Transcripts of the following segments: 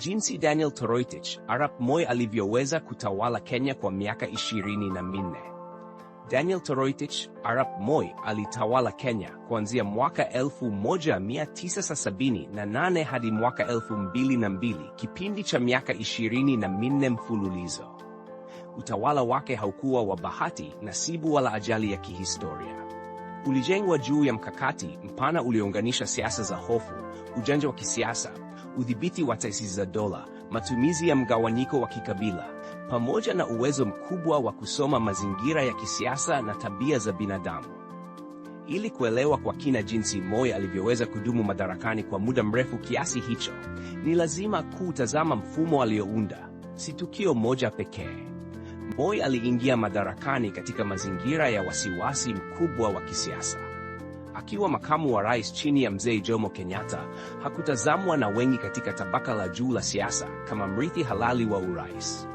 Jinsi Daniel Toroitich Arap Moi alivyoweza kutawala Kenya kwa miaka ishirini na minne. Daniel Toroitich Arap Moi alitawala Kenya kuanzia mwaka 1978 hadi mwaka 2002, kipindi cha miaka ishirini na minne mfululizo. Utawala wake haukuwa wa bahati nasibu wala ajali ya kihistoria. Ulijengwa juu ya mkakati mpana uliounganisha siasa za hofu, ujanja wa kisiasa udhibiti wa taasisi za dola, matumizi ya mgawanyiko wa kikabila, pamoja na uwezo mkubwa wa kusoma mazingira ya kisiasa na tabia za binadamu. Ili kuelewa kwa kina jinsi Moi alivyoweza kudumu madarakani kwa muda mrefu kiasi hicho, ni lazima kuutazama mfumo aliyounda si tukio moja pekee. Moi aliingia madarakani katika mazingira ya wasiwasi mkubwa wa kisiasa. Akiwa makamu wa rais chini ya mzee Jomo Kenyatta, hakutazamwa na wengi katika tabaka la juu la siasa kama mrithi halali wa urais.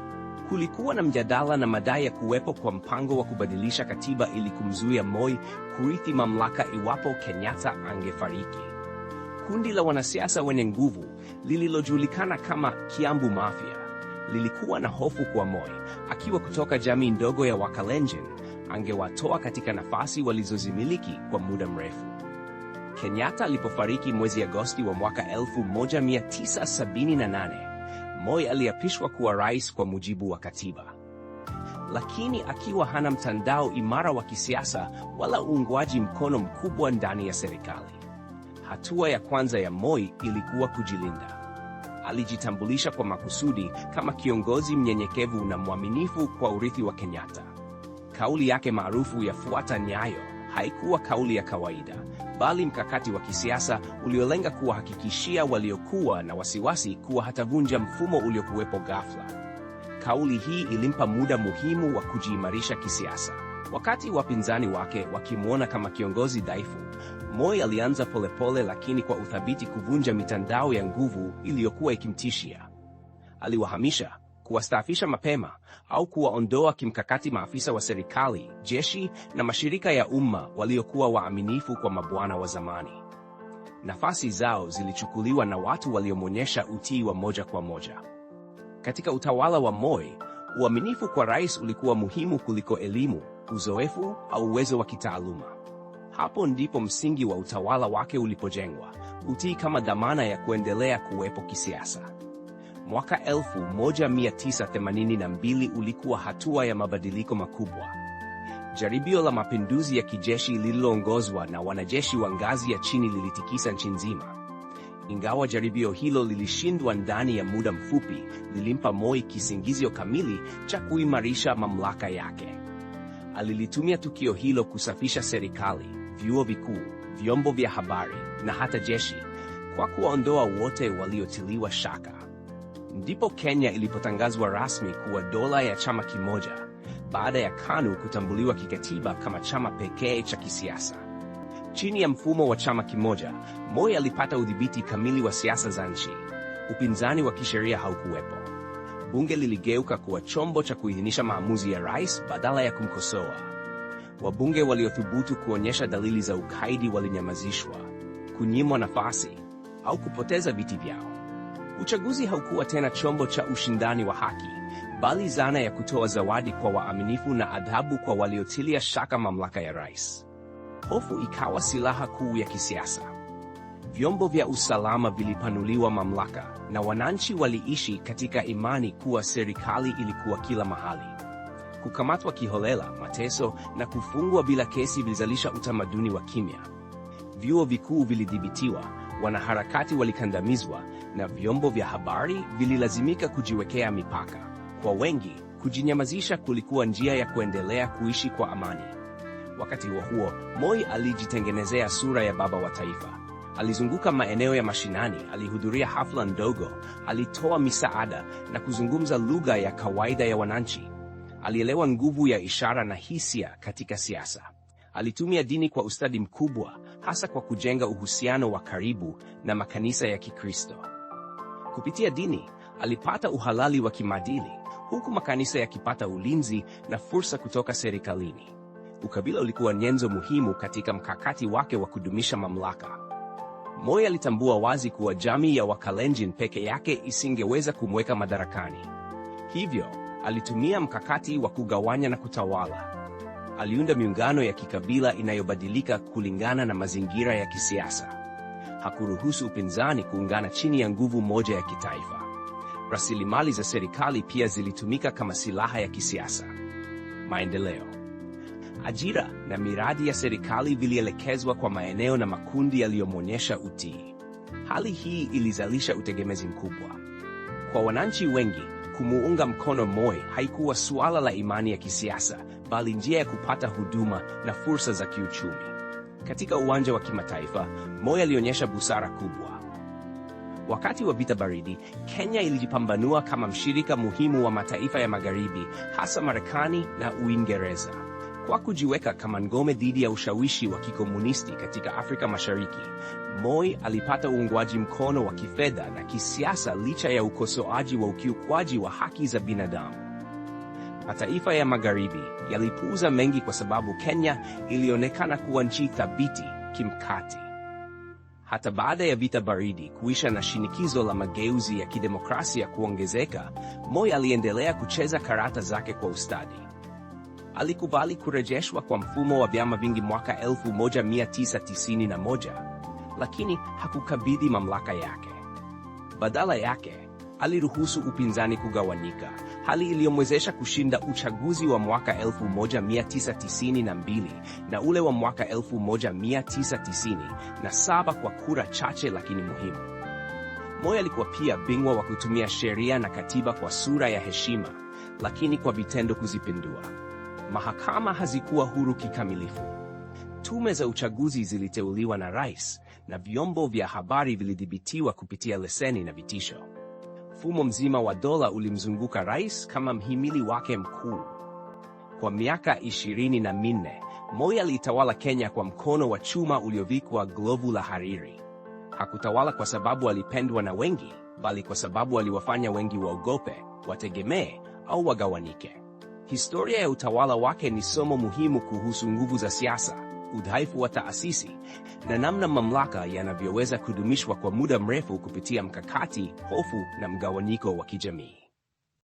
Kulikuwa na mjadala na madai ya kuwepo kwa mpango wa kubadilisha katiba ili kumzuia Moi kurithi mamlaka iwapo Kenyatta angefariki. Kundi la wanasiasa wenye nguvu lililojulikana kama Kiambu Mafia lilikuwa na hofu kwa Moi, akiwa kutoka jamii ndogo ya Wakalenjin angewatoa katika nafasi walizozimiliki kwa muda mrefu. Kenyatta alipofariki mwezi Agosti wa mwaka 1978, Moi aliapishwa kuwa rais kwa mujibu wa katiba, lakini akiwa hana mtandao imara wa kisiasa wala uungwaji mkono mkubwa ndani ya serikali. Hatua ya kwanza ya Moi ilikuwa kujilinda. Alijitambulisha kwa makusudi kama kiongozi mnyenyekevu na mwaminifu kwa urithi wa Kenyatta. Kauli yake maarufu ya fuata nyayo haikuwa kauli ya kawaida, bali mkakati wa kisiasa uliolenga kuwahakikishia waliokuwa na wasiwasi kuwa hatavunja mfumo uliokuwepo ghafla. Kauli hii ilimpa muda muhimu wa kujiimarisha kisiasa. Wakati wapinzani wake wakimwona kama kiongozi dhaifu, Moi alianza polepole lakini kwa uthabiti kuvunja mitandao ya nguvu iliyokuwa ikimtishia. Aliwahamisha kuwastaafisha mapema au kuwaondoa kimkakati maafisa wa serikali, jeshi na mashirika ya umma waliokuwa waaminifu kwa mabwana wa zamani. Nafasi zao zilichukuliwa na watu waliomwonyesha utii wa moja kwa moja. Katika utawala wa Moi, uaminifu kwa rais ulikuwa muhimu kuliko elimu, uzoefu au uwezo wa kitaaluma. Hapo ndipo msingi wa utawala wake ulipojengwa, utii kama dhamana ya kuendelea kuwepo kisiasa. Mwaka 1982 ulikuwa hatua ya mabadiliko makubwa. Jaribio la mapinduzi ya kijeshi lililoongozwa na wanajeshi wa ngazi ya chini lilitikisa nchi nzima. Ingawa jaribio hilo lilishindwa ndani ya muda mfupi, lilimpa Moi kisingizio kamili cha kuimarisha mamlaka yake. Alilitumia tukio hilo kusafisha serikali, vyuo vikuu, vyombo vya habari na hata jeshi kwa kuwaondoa wote waliotiliwa shaka ndipo Kenya ilipotangazwa rasmi kuwa dola ya chama kimoja baada ya KANU kutambuliwa kikatiba kama chama pekee cha kisiasa. Chini ya mfumo wa chama kimoja, Moi alipata udhibiti kamili wa siasa za nchi. Upinzani wa kisheria haukuwepo. Bunge liligeuka kuwa chombo cha kuidhinisha maamuzi ya rais badala ya kumkosoa. Wabunge waliothubutu kuonyesha dalili za ukaidi walinyamazishwa, kunyimwa nafasi au kupoteza viti vyao. Uchaguzi haukuwa tena chombo cha ushindani wa haki, bali zana ya kutoa zawadi kwa waaminifu na adhabu kwa waliotilia shaka mamlaka ya rais. Hofu ikawa silaha kuu ya kisiasa. Vyombo vya usalama vilipanuliwa mamlaka, na wananchi waliishi katika imani kuwa serikali ilikuwa kila mahali. Kukamatwa kiholela, mateso na kufungwa bila kesi vilizalisha utamaduni wa kimya. Vyuo vikuu vilidhibitiwa wanaharakati walikandamizwa na vyombo vya habari vililazimika kujiwekea mipaka. Kwa wengi, kujinyamazisha kulikuwa njia ya kuendelea kuishi kwa amani. Wakati huo huo, Moi alijitengenezea sura ya baba wa taifa. Alizunguka maeneo ya mashinani, alihudhuria hafla ndogo, alitoa misaada na kuzungumza lugha ya kawaida ya wananchi. Alielewa nguvu ya ishara na hisia katika siasa. Alitumia dini kwa ustadi mkubwa hasa kwa kujenga uhusiano wa karibu na makanisa ya Kikristo. Kupitia dini, alipata uhalali wa kimaadili, huku makanisa yakipata ulinzi na fursa kutoka serikalini. Ukabila ulikuwa nyenzo muhimu katika mkakati wake wa kudumisha mamlaka. Moi alitambua wazi kuwa jamii ya Wakalenjin peke yake isingeweza kumweka madarakani. Hivyo, alitumia mkakati wa kugawanya na kutawala aliunda miungano ya kikabila inayobadilika kulingana na mazingira ya kisiasa. Hakuruhusu upinzani kuungana chini ya nguvu moja ya kitaifa. Rasilimali za serikali pia zilitumika kama silaha ya kisiasa. Maendeleo, ajira na miradi ya serikali vilielekezwa kwa maeneo na makundi yaliyomwonyesha utii. Hali hii ilizalisha utegemezi mkubwa kwa wananchi wengi. Kumuunga mkono Moi haikuwa suala la imani ya kisiasa, bali njia ya kupata huduma na fursa za kiuchumi. Katika uwanja wa kimataifa, Moi alionyesha busara kubwa. Wakati wa vita baridi, Kenya ilijipambanua kama mshirika muhimu wa mataifa ya Magharibi, hasa Marekani na Uingereza, kwa kujiweka kama ngome dhidi ya ushawishi wa kikomunisti katika Afrika Mashariki. Moi alipata uungwaji mkono wa kifedha na kisiasa licha ya ukosoaji wa ukiukwaji wa haki za binadamu mataifa ya magharibi yalipuuza mengi kwa sababu Kenya ilionekana kuwa nchi thabiti kimkati Hata baada ya vita baridi kuisha na shinikizo la mageuzi ya kidemokrasia kuongezeka, Moi aliendelea kucheza karata zake kwa ustadi. Alikubali kurejeshwa kwa mfumo wa vyama vingi mwaka 1991, lakini hakukabidhi mamlaka yake. Badala yake aliruhusu upinzani kugawanyika, hali iliyomwezesha kushinda uchaguzi wa mwaka 1992 na ule wa mwaka 1997 kwa kura chache lakini muhimu. Moi alikuwa pia bingwa wa kutumia sheria na katiba kwa sura ya heshima, lakini kwa vitendo kuzipindua. Mahakama hazikuwa huru kikamilifu. Tume za uchaguzi ziliteuliwa na rais na vyombo vya habari vilidhibitiwa kupitia leseni na vitisho. Mfumo mzima wa dola ulimzunguka rais kama mhimili wake mkuu. Kwa miaka ishirini na minne, Moi alitawala Kenya kwa mkono wa chuma uliovikwa glovu la hariri. Hakutawala kwa sababu alipendwa na wengi, bali kwa sababu aliwafanya wengi waogope, wategemee au wagawanike. Historia ya utawala wake ni somo muhimu kuhusu nguvu za siasa udhaifu wa taasisi na namna mamlaka yanavyoweza kudumishwa kwa muda mrefu kupitia mkakati, hofu na mgawanyiko wa kijamii.